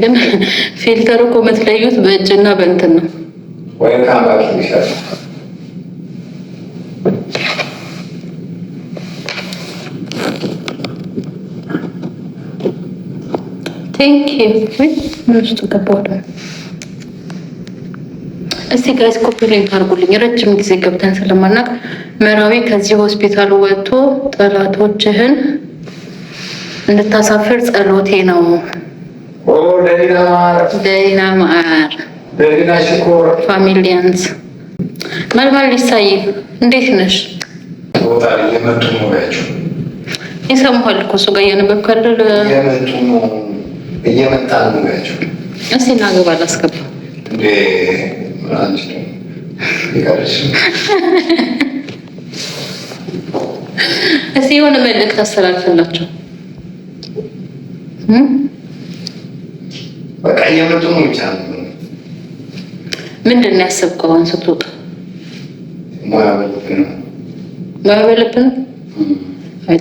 ግን ፊልተር እኮ የምትለዩት በእጅና በእንትን ነው። ውስጡ ገባ ወደ እስቲ ጋይስ ኮፒ ሊንክ አድርጉልኝ። ረጅም ጊዜ ገብተን ስለማናቅ መራዊ ከዚህ ሆስፒታል ወጥቶ ጠላቶችህን እንድታሳፍር ጸሎቴ ነው። ደህና ማር ፋሚሊያንስ መልማል ሊሳይ እንዴት ነሽ? ይሰማሃል እኮ እሱ ጋር እያነበብክ አይደል? እየመጣ ነው ያቸው። እስኪ እናገባ አላስገባ እስኪ የሆነ መልእክት አስተላልፍላቸው። በቃ የምጡ ብቻ ምንድን ነው ያሰብከው? አሁን ስትወጣ ማያበልብ ነው።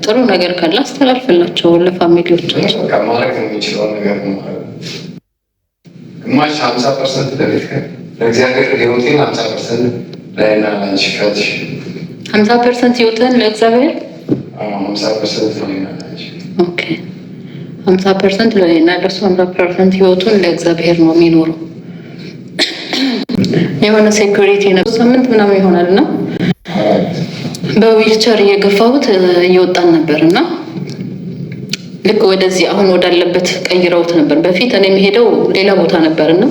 ጥሩ ነገር ካለ አስተላልፍላቸው ለፋሚሊዎቻቸው። ማድረግ የሚችለው ነገር ግማሽ ሀምሳ ፐርሰንት ለቤት ለእግዚአብሔር ህይወቴን ሀምሳ ፐርሰንት ላይና ላንቺ ፈትሽ ሀምሳ ፐርሰንት ህይወትን ለእግዚአብሔር ሀምሳ ፐርሰንት ላይና ላንቺ ኦኬ ሀምሳ ፐርሰንት ለእኔና ለእሱ ሀምሳ ፐርሰንት ህይወቱን ለእግዚአብሔር ነው የሚኖረው። የሆነ ሴኩሪቲ ነው። ሳምንት ምናምን ይሆናል እና በዊልቸር እየገፋሁት እየወጣን ነበር እና ልክ ወደዚህ አሁን ወዳለበት ቀይረውት ነበር። በፊት እኔ የምሄደው ሌላ ቦታ ነበር እና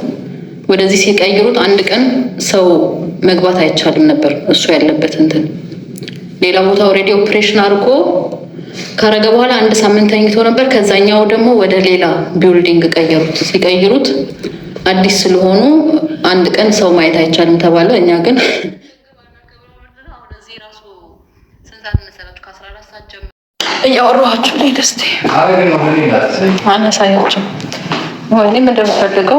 ወደዚህ ሲቀይሩት አንድ ቀን ሰው መግባት አይቻልም ነበር። እሱ ያለበት እንትን ሌላ ቦታ ኦልሬዲ ኦፕሬሽን አድርጎ ካረገ በኋላ አንድ ሳምንት ተኝቶ ነበር። ከዛኛው ደግሞ ወደ ሌላ ቢውልዲንግ ቀየሩት። ሲቀይሩት አዲስ ስለሆኑ አንድ ቀን ሰው ማየት አይቻልም ተባለ። እኛ ግን እያወራኋቸው ላይ ደስ አነሳያቸው ወይ ምንድን ነው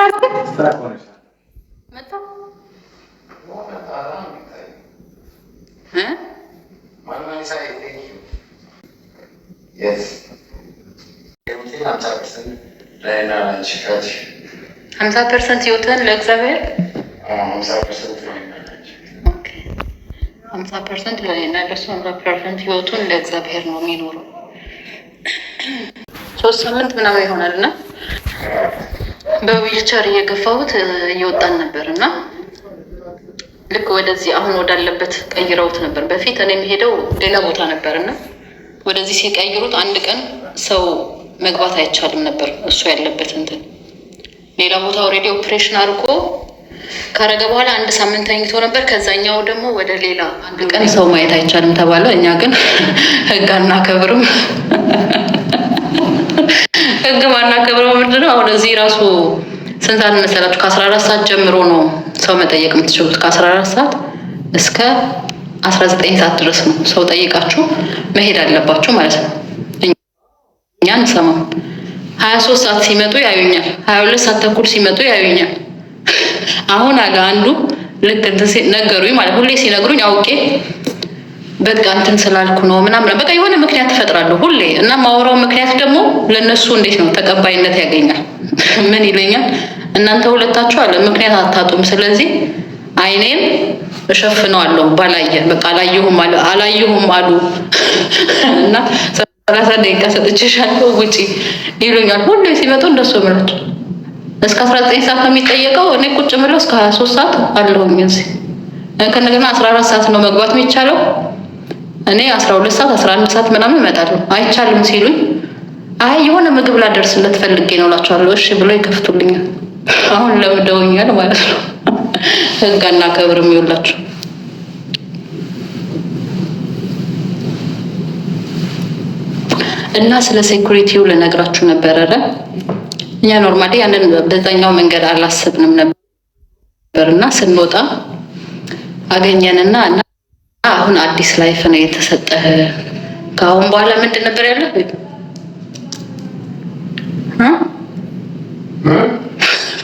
ሀምሳ ፐርሰንት ህይወትህን ለእግዚአብሔር ሀምሳ ፐርሰንት ለእኔና ለሱ ሀምሳ ፐርሰንት ህይወቱን ለእግዚአብሔር ነው የሚኖረው። ሶስት ሳምንት ምናምን ይሆናል እና በዊልቸር እየገፋሁት እየወጣን ነበር እና ልክ ወደዚህ አሁን ወዳለበት ቀይረውት ነበር። በፊት እኔ የምሄደው ሌላ ቦታ ነበር እና ወደዚህ ሲቀይሩት አንድ ቀን ሰው መግባት አይቻልም ነበር። እሱ ያለበት እንትን ሌላ ቦታ ኦልሬዲ ኦፕሬሽን አድርጎ ካረገ በኋላ አንድ ሳምንት ተኝቶ ነበር። ከዛኛው ደግሞ ወደ ሌላ አንድ ቀን ሰው ማየት አይቻልም ተባለ። እኛ ግን ህግ አናከብርም። ህግ ማናከብረው ምንድነው? አሁን እዚህ ራሱ ስንት ሰዓት መሰላችሁ? ከአስራ አራት ሰዓት ጀምሮ ነው ሰው መጠየቅ የምትችሉት። ከአስራ አራት ሰዓት እስከ አስራ ዘጠኝ ሰዓት ድረስ ነው ሰው ጠይቃችሁ መሄድ አለባቸው ማለት ነው። እኛ እንሰማም። ሀያ ሶስት ሰዓት ሲመጡ ያዩኛል። ሀያ ሁለት ሰዓት ተኩል ሲመጡ ያዩኛል። አሁን አለ አንዱ ልክ ነገሩኝ ማለት ሁሌ ሲነግሩኝ አውቄ በቃ እንትን ስላልኩ ነው ምናምን በቃ የሆነ ምክንያት ትፈጥራለሁ ሁሌ እና ማውራው ምክንያት ደግሞ ለእነሱ እንዴት ነው ተቀባይነት ያገኛል? ምን ይለኛል? እናንተ ሁለታችሁ አለ ምክንያት አታጡም። ስለዚህ አይኔን እሸፍነዋለሁ ባላየ በቃ አላየሁም አሉ አላየሁም አሉ እና ሰላሳ ደቂቃ ሰጥቼሻለሁ ውጪ ይሉኛል። ሁሉ ሲመጡ እንደሱ ምላቸው እስከ አስራ ዘጠኝ ሰዓት ነው የሚጠየቀው። እኔ ቁጭ ምለው እስከ ሀያ ሶስት ሰዓት አለሁኝ እዚህ ከነገና አስራ አራት ሰዓት ነው መግባት የሚቻለው። እኔ አስራ ሁለት ሰዓት አስራ አንድ ሰዓት ምናምን ይመጣሉ። አይቻልም ሲሉኝ አይ የሆነ ምግብ ላደርስለት ፈልጌ ነው እላቸዋለሁ። እሺ ብሎ ይከፍቱልኛል። አሁን ለምደውኛል ማለት ነው። ህግ አናከብርም ይውላችሁ። እና ስለ ሴኩሪቲው ልነግራችሁ ነበረ። እኛ ኖርማሊ ያንን በዛኛው መንገድ አላሰብንም ነበር እና ስንወጣ አገኘንና እና አሁን አዲስ ላይፍ ነው የተሰጠህ። ከአሁን በኋላ ምንድን ነበር ያለ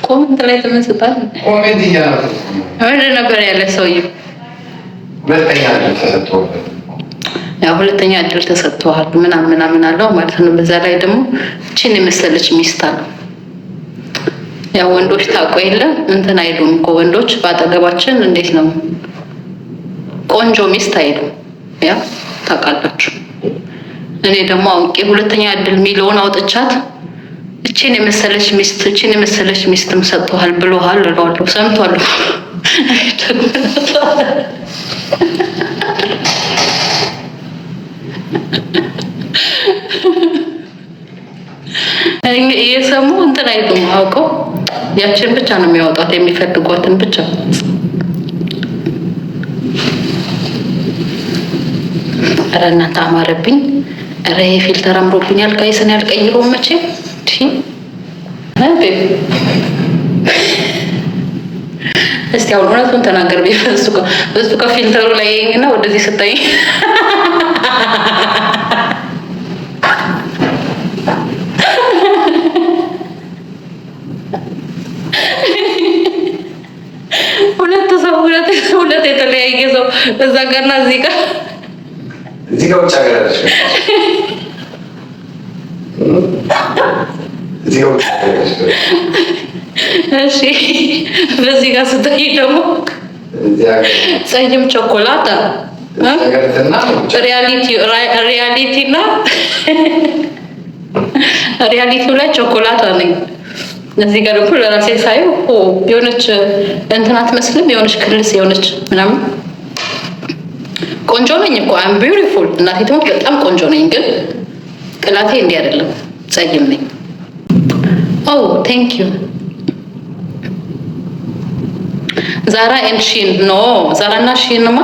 ኮመንት ላይ ተመስጣት ኮሜንት ይያሉ ምንድን ነበር ያለ ሰውዬው? ሁለተኛ እድል ተሰጥቶሃል፣ ያው ሁለተኛ እድል ተሰጥቶሃል ምናምን ምናምን አለው ማለት ነው። በዛ ላይ ደግሞ እቺን የመሰለች ሚስት አለው። ያው ወንዶች ታቆ የለ እንትን አይሉም እኮ ወንዶች በአጠገባችን እንዴት ነው ቆንጆ ሚስት አይሉም። ያው ታውቃላችሁ። እኔ ደግሞ አውቄ ሁለተኛ እድል የሚለውን አውጥቻት እችን የመሰለች ሚስት እችን የመሰለች ሚስትም ሰጥቷል ብሎሃል እለዋለሁ። ሰምቷል የሰሙ እንትን አይሉም። አውቀው ያችን ብቻ ነው የሚያወጣት የሚፈልጓትን ብቻ ኧረ እናንተ አማረብኝ። ኧረ የፊልተር አምሮብኛል። ጋይስን ያልቀይሮ መቼ እስቲ አሁን እውነቱን ተናገር። እሱ ከፊልተሩ ላይ እና ወደዚህ ስታይ ሁለት ሰው ሁለት ሁለት የተለያየ ሰው እዛ ጋርና እዚህ ጋር እዚህ ጋር እሺ በዚህ ጋር ስታይ ደግሞ ፀይም ቾኮላታ ሪያሊቲ እና ሪያሊቲው ላይ ቾኮላታ ነኝ። እዚህ ጋር ደግሞ ለራሴ ሳየው የሆነች እንትን አትመስልም? የሆነች ክልስ የሆነች ምናምን ቆንጆ ነኝ እኮ አም ቢዩቲፉል እናቴ ትሞት በጣም ቆንጆ ነኝ፣ ግን ቅላቴ እንዲህ አይደለም፣ ጸይም ነኝ። ኦ ቴንክ ዩ ዛራ ኤንድ ሺን ኖ ዛራ እና ሺንማ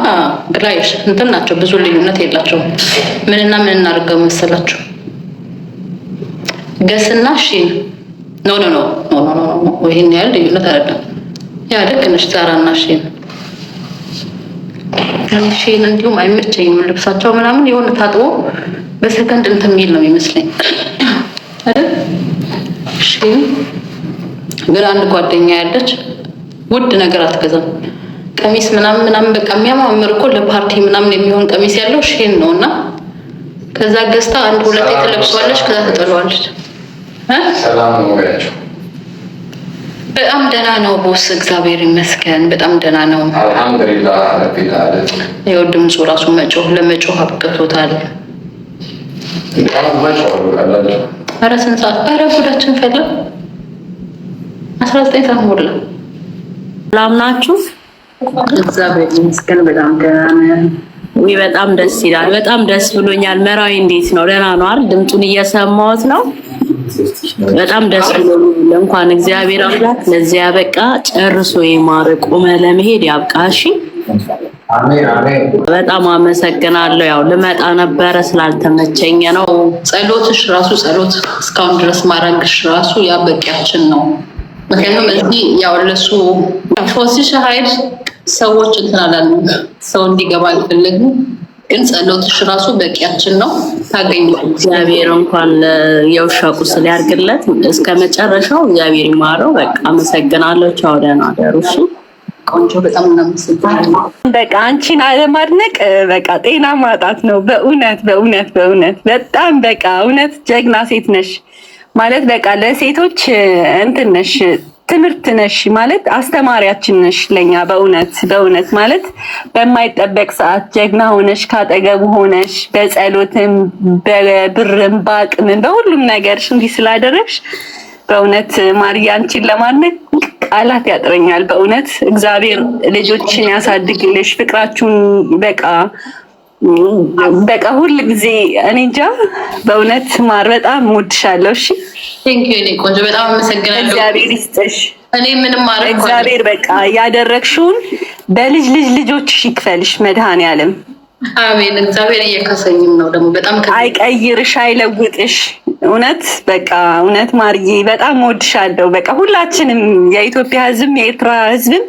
ግላይድ እንትን ናቸው፣ ብዙ ልዩነት የላቸውም። ምንና ምን እናደርገው መሰላቸው? ገስና ሺን ኖ ኖ ኖ ኖ ኖ ኖ ይህን ያህል ልዩነት አይደለም። ያ ልክ ነሽ። ዛራ እና ሺን ሺን እንዲሁም አይመቸኝም። ልብሳቸው ምናምን የሆነ ታጥቦ በሰከንድ እንትን የሚል ነው ይመስለኝ አይደል ግን ግን አንድ ጓደኛ ያለች ውድ ነገር አትገዛም። ቀሚስ ምናምን ምናምን በቃ የሚያማምር እኮ ለፓርቲ ምናምን የሚሆን ቀሚስ ያለው ሼን ነው እና ከዛ ገዝታ አንድ ሁለት ትለብሷለች፣ ከዛ ትጥለዋለች። በጣም ደህና ነው ቦስ፣ እግዚአብሔር ይመስገን። በጣም ደህና ነው። ይኸው ድምፁ ራሱ መጮህ ለመጮህ አብቅቶታል። ኧረ ስንት ሰዓት? ኧረ ጉዳችን ፈላ። አስራ ዘጠኝ ሰዓት ሞላ። ሰላም ናችሁ? እግዚአብሔር ይመስገን በጣም ደህና ነን። ውይ በጣም ደስ ይላል። በጣም ደስ ብሎኛል። መራዊ እንዴት ነው? ደህና ነው አይደል? ድምፁን እየሰማሁት ነው። በጣም ደስ ብሎኛል። እንኳን እግዚአብሔር አምላክ ለዚያ በቃ ጨርሶ የማረ ቆመ ለመሄድ ያብቃሽ። በጣም አመሰግናለሁ። ያው ልመጣ ነበረ ስላልተመቸኝ ነው። ጸሎትሽ ራሱ ጸሎት እስካሁን ድረስ ማድረግሽ ራሱ ያ በቂያችን ነው። ምክንያቱም እዚህ ያው ለሱ ፎሲሽ ሀይል ሰዎች እንትን ሰው እንዲገባ አልፈለግም። ግን ጸሎትሽ ራሱ በቂያችን ነው። ታገኝ እግዚአብሔር እንኳን የውሻ ቁስል ያርግለት እስከ መጨረሻው እግዚአብሔር ይማረው። በቃ አመሰግናለሁ። ቻው፣ ደህና አደሩ። ቆንጆ በጣም በቃ አንቺን አለማድነቅ በቃ ጤና ማጣት ነው። በእውነት በእውነት በእውነት በጣም በቃ እውነት ጀግና ሴት ነሽ ማለት በቃ ለሴቶች እንትን ነሽ፣ ትምህርት ነሽ ማለት አስተማሪያችን ነሽ ለኛ በእውነት በእውነት ማለት በማይጠበቅ ሰዓት ጀግና ሆነሽ ካጠገቡ ሆነሽ በጸሎትም በብርም በአቅምም በሁሉም ነገርሽ እንዲህ ስላደረግሽ በእውነት ማርዬ አንቺን ለማድነቅ ቃላት ያጥረኛል በእውነት እግዚአብሔር ልጆችን ያሳድግልሽ፣ ፍቅራችሁን በቃ በቃ ሁል ጊዜ እኔ እንጃ በእውነት ማር በጣም እወድሻለሁ። እሺ ቆንጆ፣ በጣም አመሰግናለሁ። እግዚአብሔር ይስጥሽ። እኔ ምንም እግዚአብሔር በቃ ያደረግሽውን በልጅ ልጅ ልጆችሽ ይክፈልሽ መድኃኔዓለም። አሜን። እግዚአብሔር እየካሰኝም ነው ደግሞ በጣም አይቀይርሽ፣ አይለውጥሽ። እውነት በቃ እውነት ማርዬ በጣም ወድሻለሁ። በቃ ሁላችንም የኢትዮጵያ ሕዝብም የኤርትራ ሕዝብም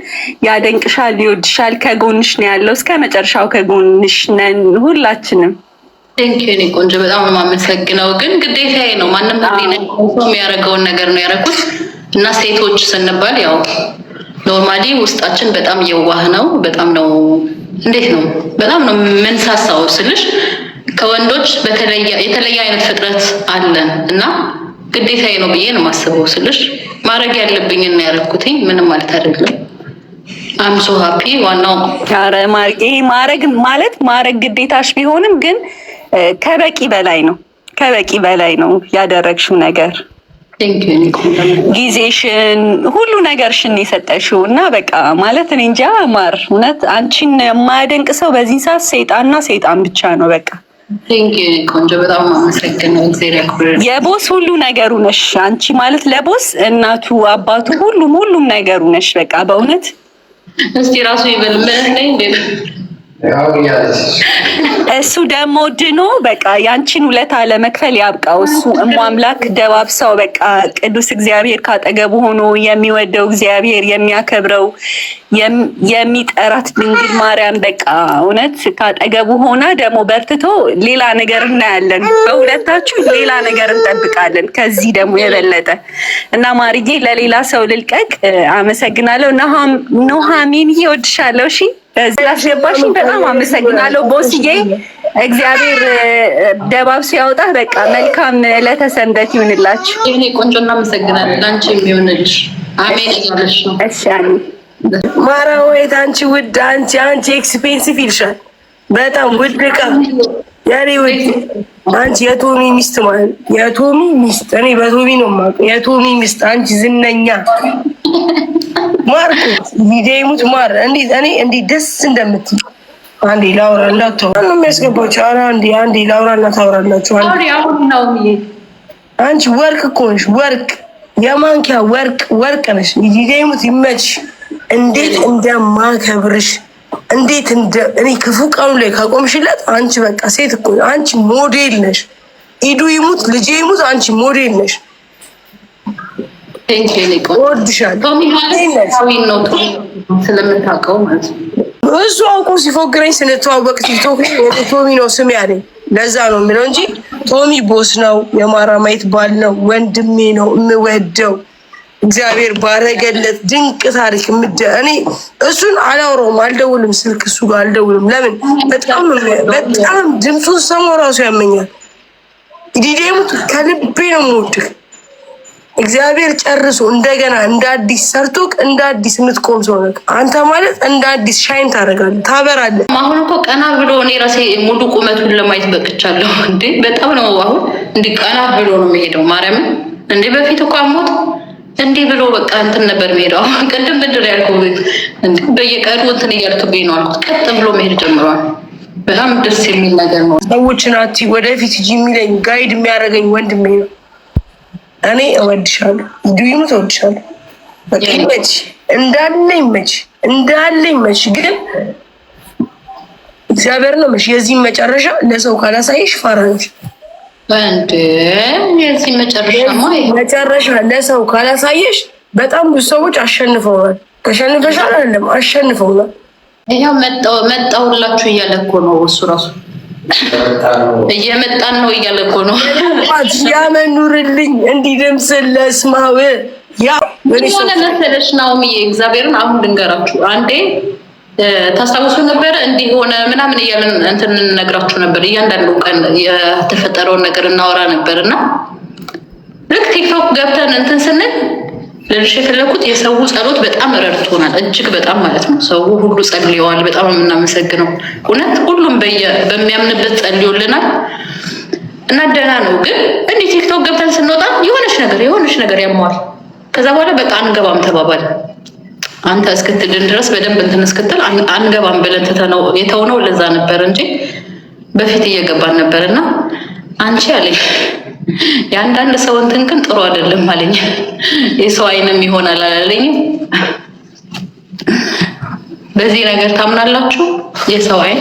ያደንቅሻል፣ ይወድሻል፣ ከጎንሽ ነው ያለው እስከ መጨረሻው ከጎንሽ ነን ሁላችንም። ቴንኪኒ ቆንጆ፣ በጣም የማመሰግነው ግን ግዴታዬ ነው። ማንም ሰው የሚያደርገውን ነገር ነው ያደረኩት እና ሴቶች ስንባል ያው ኖርማሊ ውስጣችን በጣም የዋህ ነው። በጣም ነው እንዴት ነው በጣም ነው መንሳሳው ስልሽ ከወንዶች የተለየ አይነት ፍጥረት አለን እና ግዴታዬ ነው ብዬ ነው የማስበው ስልሽ ማድረግ ያለብኝ እና ያደረኩትኝ ምንም ማለት አይደለም። አም ሶ ሀፒ ዋናው ማድረግ ማለት ማድረግ ግዴታሽ ቢሆንም ግን ከበቂ በላይ ነው ከበቂ በላይ ነው ያደረግሽው ነገር ጊዜሽን ሁሉ ነገርሽን የሰጠሽው እና በቃ ማለት እኔ እንጃ ማር እውነት አንቺን የማያደንቅ ሰው በዚህ ሰዓት ሰይጣንና ሰይጣን ብቻ ነው። በቃ የቦስ ሁሉ ነገሩ ነሽ አንቺ ማለት ለቦስ እናቱ፣ አባቱ፣ ሁሉም ሁሉም ነገሩ ነሽ። በቃ በእውነት እስቲ ራሱ ይበል ምን እሱ ደግሞ ድኖ በቃ ያንቺን ውለታ ለመክፈል ያብቃው። እሱ እሞ አምላክ ደባብሰው በቃ ቅዱስ እግዚአብሔር ካጠገቡ ሆኖ የሚወደው እግዚአብሔር የሚያከብረው የሚጠራት ድንግል ማርያም በቃ እውነት ካጠገቡ ሆና ደግሞ በርትቶ ሌላ ነገር እናያለን። በሁለታችሁ ሌላ ነገር እንጠብቃለን ከዚህ ደግሞ የበለጠ እና ማርዬ ለሌላ ሰው ልልቀቅ። አመሰግናለሁ። ኑሃሚን ይወድሻለሁ። እሺ ስላስገባሽኝ በጣም አመሰግናለሁ ቦስዬ። እግዚአብሔር ደባብ ሲያወጣ በቃ መልካም ለተሰንበት ይሁንላችሁ። የኔ ቆንጆ እናመሰግናለን። ለአንቺ የሚሆንልሽ አሜን እያለሽ ነው። እሺ ማራ ወይት አንቺ ውድ አንቺ አንቺ ኤክስፔንሲቭ ይልሻል በጣም ውድ ቃ ወይ አንቺ የቶሚ ሚስት ማለት የቶሚ ሚስት እኔ በቶሚ ነው የማውቀው። የቶሚ ሚስት አንቺ ዝነኛ ማርኩ ይደሙት ማር እንዴ እኔ እንዴ ደስ እንደምትል አንዴ ላውራ እንዳታወራ ነው የሚያስገባቸው። ኧረ አንዴ አንዴ ላውራ እንዳታወራላችሁ። አንቺ ወርቅ እኮ ነሽ፣ ወርቅ የማንኪያ ወርቅ ወርቅ ነሽ። ይደሙት ይመች እንዴት እንደማከብርሽ እንዴት እንደ እኔ ክፉ ቀኑ ላይ ካቆምሽለት አንቺ በቃ ሴት እኮ አንቺ ሞዴል ነሽ። ኢዱ ይሙት ልጄ ይሙት አንቺ ሞዴል ነሽ። እሱ አውቆ ሲፎግረኝ ስንተዋወቅ ቲክቶክ ቶሚ ነው ስም ያለኝ ለዛ ነው የሚለው እንጂ ቶሚ ቦስ ነው የማራማየት ባል ነው ወንድሜ ነው የምወደው እግዚአብሔር ባረገለት ድንቅ ታሪክ ምድ እኔ እሱን አላውረውም፣ አልደውልም፣ ስልክ እሱ ጋር አልደውልም። ለምን በጣም በጣም ድምፁን ሰማው ራሱ ያመኛል። ዲዴሙት ከልቤ ነው የምወድህ። እግዚአብሔር ጨርሶ እንደገና እንደ አዲስ ሰርቶክ እንደ አዲስ የምትቆም ሰው ነህ አንተ ማለት እንደ አዲስ ሻይን ታደርጋለህ፣ ታበራለህ። አሁን እኮ ቀና ብሎ እኔ ራሴ ሙሉ ቁመቱን ለማየት በቅቻለሁ። እንዴ በጣም ነው አሁን እንዲህ ቀና ብሎ ነው የሚሄደው። ማርያምን እንዴ በፊት እኮ አሞት እንዲህ ብሎ በቃ እንትን ነበር የሚሄደው። ቅድም ብድር ያልኩህ በየቀኑ እንትን እያልክብኝ ነው አልኩት። ቀጥ ብሎ መሄድ ጀምሯል። በጣም ደስ የሚል ነገር ነው። ሰዎች ናቲ ወደፊት እጅ የሚለኝ ጋይድ የሚያደርገኝ ወንድሜ ነው። እኔ እወድሻለሁ፣ እንዲሁም እወድሻለሁ። በቃ ይመች እንዳለ ይመች እንዳለ ይመች። ግን እግዚአብሔር ነው መች የዚህም መጨረሻ ለሰው ካላሳይሽ ፋራ መጨረሻ ለሰው ካላሳየሽ በጣም ብዙ ሰዎች አሸንፈውናል። ተሸንፈሻል አይደለም አሸንፈውናል። ይኸው መጣሁላችሁ እያለ እኮ ነው እሱ ራሱ እየመጣን ነው እያለ እኮ ነው። ያመኑርልኝ እንዲህ ለስማው ያ ሆነ መሰለሽ ናውምዬ፣ እግዚአብሔርን አሁን ድንገራችሁ አንዴ ታስታውሱ ነበረ እንዲህ ሆነ ምናምን እያለን እንትን እንነግራችሁ ነበር። እያንዳንዱ ቀን የተፈጠረውን ነገር እናወራ ነበር እና ልክ ቲክቶክ ገብተን እንትን ስንል ልልሽ የፈለኩት የሰው ጸሎት በጣም ረድቶናል። እጅግ በጣም ማለት ነው። ሰው ሁሉ ጸልየዋል። በጣም የምናመሰግነው እውነት ሁሉም በሚያምንበት ጸልዮልናል እና ደህና ነው። ግን እንዲህ ቲክቶክ ገብተን ስንወጣ የሆነች ነገር የሆነች ነገር ያመዋል። ከዛ በኋላ በቃ አንገባም ተባባል አንተ እስክትልን ድረስ በደንብ እንትን እስክትል አንገባም ብለን ትተነው የተውነው ለዛ ነበር እንጂ በፊት እየገባን ነበር። እና አንቺ አለኝ የአንዳንድ ሰው እንትን ግን ጥሩ አይደለም አለኝ። የሰው አይንም ይሆናል አላለኝም። በዚህ ነገር ታምናላችሁ? የሰው አይን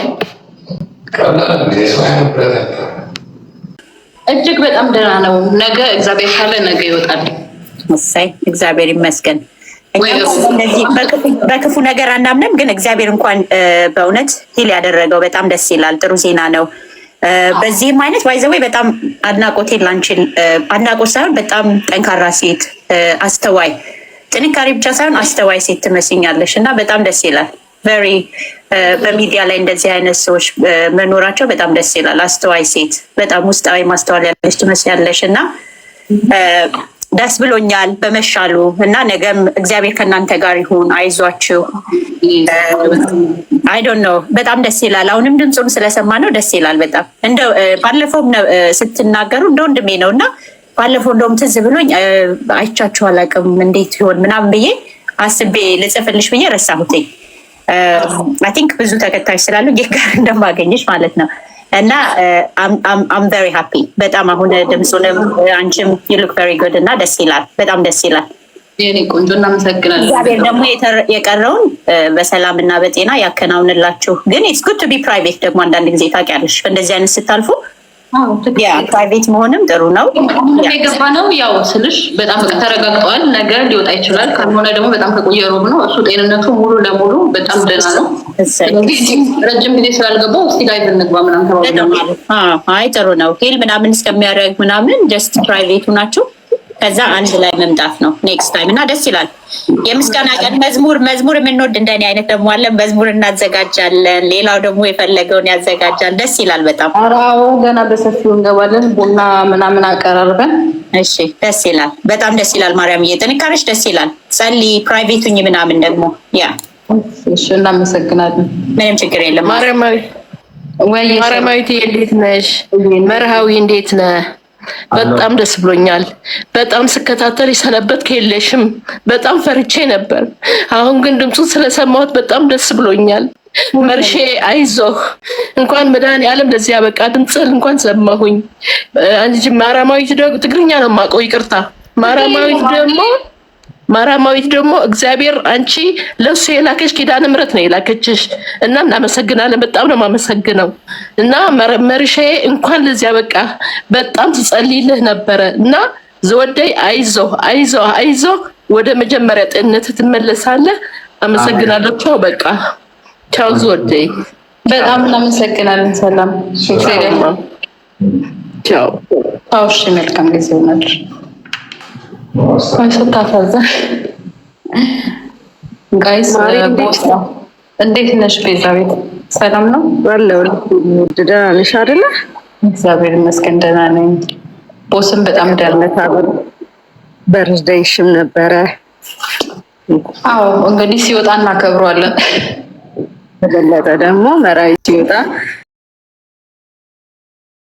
እጅግ በጣም ደህና ነው። ነገ እግዚአብሔር ካለ ነገ ይወጣል። እሰይ እግዚአብሔር ይመስገን። በክፉ ነገር አናምንም፣ ግን እግዚአብሔር እንኳን በእውነት ሂል ያደረገው በጣም ደስ ይላል። ጥሩ ዜና ነው። በዚህም አይነት ባይዘዌ በጣም አድናቆቴ ላንቺን አድናቆት ሳይሆን በጣም ጠንካራ ሴት፣ አስተዋይ ጥንካሬ ብቻ ሳይሆን አስተዋይ ሴት ትመስኛለሽ እና በጣም ደስ ይላል። ቨሪ በሚዲያ ላይ እንደዚህ አይነት ሰዎች መኖራቸው በጣም ደስ ይላል። አስተዋይ ሴት፣ በጣም ውስጣዊ ማስተዋል ያለች ትመስያለሽ እና ደስ ብሎኛል በመሻሉ እና ነገም እግዚአብሔር ከእናንተ ጋር ይሁን። አይዟችሁ። አይዶን ነው በጣም ደስ ይላል። አሁንም ድምፁን ስለሰማ ነው ደስ ይላል በጣም እንደ ባለፈውም ስትናገሩ እንደ ወንድሜ ነው እና ባለፈው እንደውም ትዝ ብሎኝ አይቻችሁ አላውቅም እንዴት ይሆን ምናምን ብዬ አስቤ ልጽፍልሽ ብዬ ረሳሁትኝ። አይ ቲንክ ብዙ ተከታዮች ስላሉ ጌጋር እንደማገኘሽ ማለት ነው እና አም ቨሪ ሃፒ በጣም አሁን ድምፁንም አንቺም ዩ ሉክ ቨሪ ጉድ እና ደስ ይላል፣ በጣም ደስ ይላል። ቆንጆ እናመሰግናለን። እግዚአብሔር ደግሞ የቀረውን በሰላም እና በጤና ያከናውንላችሁ። ግን ኢትስ ጉድ ቱ ቢ ፕራይቬት ደግሞ አንዳንድ ጊዜ ታውቂያለሽ፣ በእንደዚህ አይነት ስታልፉ ፕራይቬት መሆንም ጥሩ ነው። የገባ ነው ያው ስልሽ በጣም ተረጋግጠዋል። ነገር ሊወጣ ይችላል። ካልሆነ ደግሞ በጣም ከቆየ ሮብ ነው እሱ ጤንነቱ ሙሉ ለሙሉ በጣም ደህና ነው። ረጅም ጊዜ ስላልገባው እስቲ ላይቭ ብንግባ ምናምን ተባለ። አይ ጥሩ ነው። ሄል ምናምን እስከሚያደርግ ምናምን ጀስት ፕራይቬቱ ናቸው። ከዛ አንድ ላይ መምጣት ነው ኔክስት ታይም እና ደስ ይላል። የምስጋና ቀን መዝሙር መዝሙር የምንወድ እንደኔ አይነት ደግሞ አለን። መዝሙር እናዘጋጃለን። ሌላው ደግሞ የፈለገውን ያዘጋጃል። ደስ ይላል በጣም አዎ። ገና በሰፊው እንገባለን። ቡና ምናምን አቀራርበን እሺ። ደስ ይላል። በጣም ደስ ይላል። ማርያም እየጥንካረች ደስ ይላል። ጸልይ ፕራይቬቱኝ ምናምን ደግሞ ያ እሺ። እናመሰግናለን። ምንም ችግር የለም። ማርያማዊት እንዴት ነሽ? መርሃዊ እንዴት ነህ? በጣም ደስ ብሎኛል። በጣም ስከታተል የሰነበት ከየለሽም በጣም ፈርቼ ነበር። አሁን ግን ድምፁን ስለሰማሁት በጣም ደስ ብሎኛል። መርሼ አይዞህ። እንኳን መድኃኒዓለም ለዚህ ያበቃ ድምፅህን እንኳን ሰማሁኝ። ማራማዊት ትግርኛ ነው የማውቀው፣ ይቅርታ ማራማዊት ደግሞ ማርያማዊት ደግሞ እግዚአብሔር አንቺ ለእሱ የላከች ኪዳነ ምሕረት ነው የላከችሽ እና እናመሰግናለን። በጣም ነው የማመሰግነው እና መርሻዬ እንኳን ለዚያ በቃ በጣም ትጸልይልህ ነበረ እና ዘወደይ አይዞ አይዞ አይዞ ወደ መጀመሪያ ጤንነት ትመለሳለህ። አመሰግናለሁ። ቻው በቃ ቻው። ዘወደይ በጣም እናመሰግናለን። ሰላም ቻው። እሺ መልካም ጊዜ ሆናል። ስታሳዝን ጋይስ እንዴት ነሽ? ቤዛቤት ሰላም ነው አለው። ደህና ነሽ አይደለ? እግዚአብሔር ይመስገን ደህና ነኝ። ቦስም በጣም ደህና በርዝደይሽም ነበረ። አዎ እንግዲህ ሲወጣ እናከብረዋለን። በበለጠ ደግሞ መራዊ ሲወጣ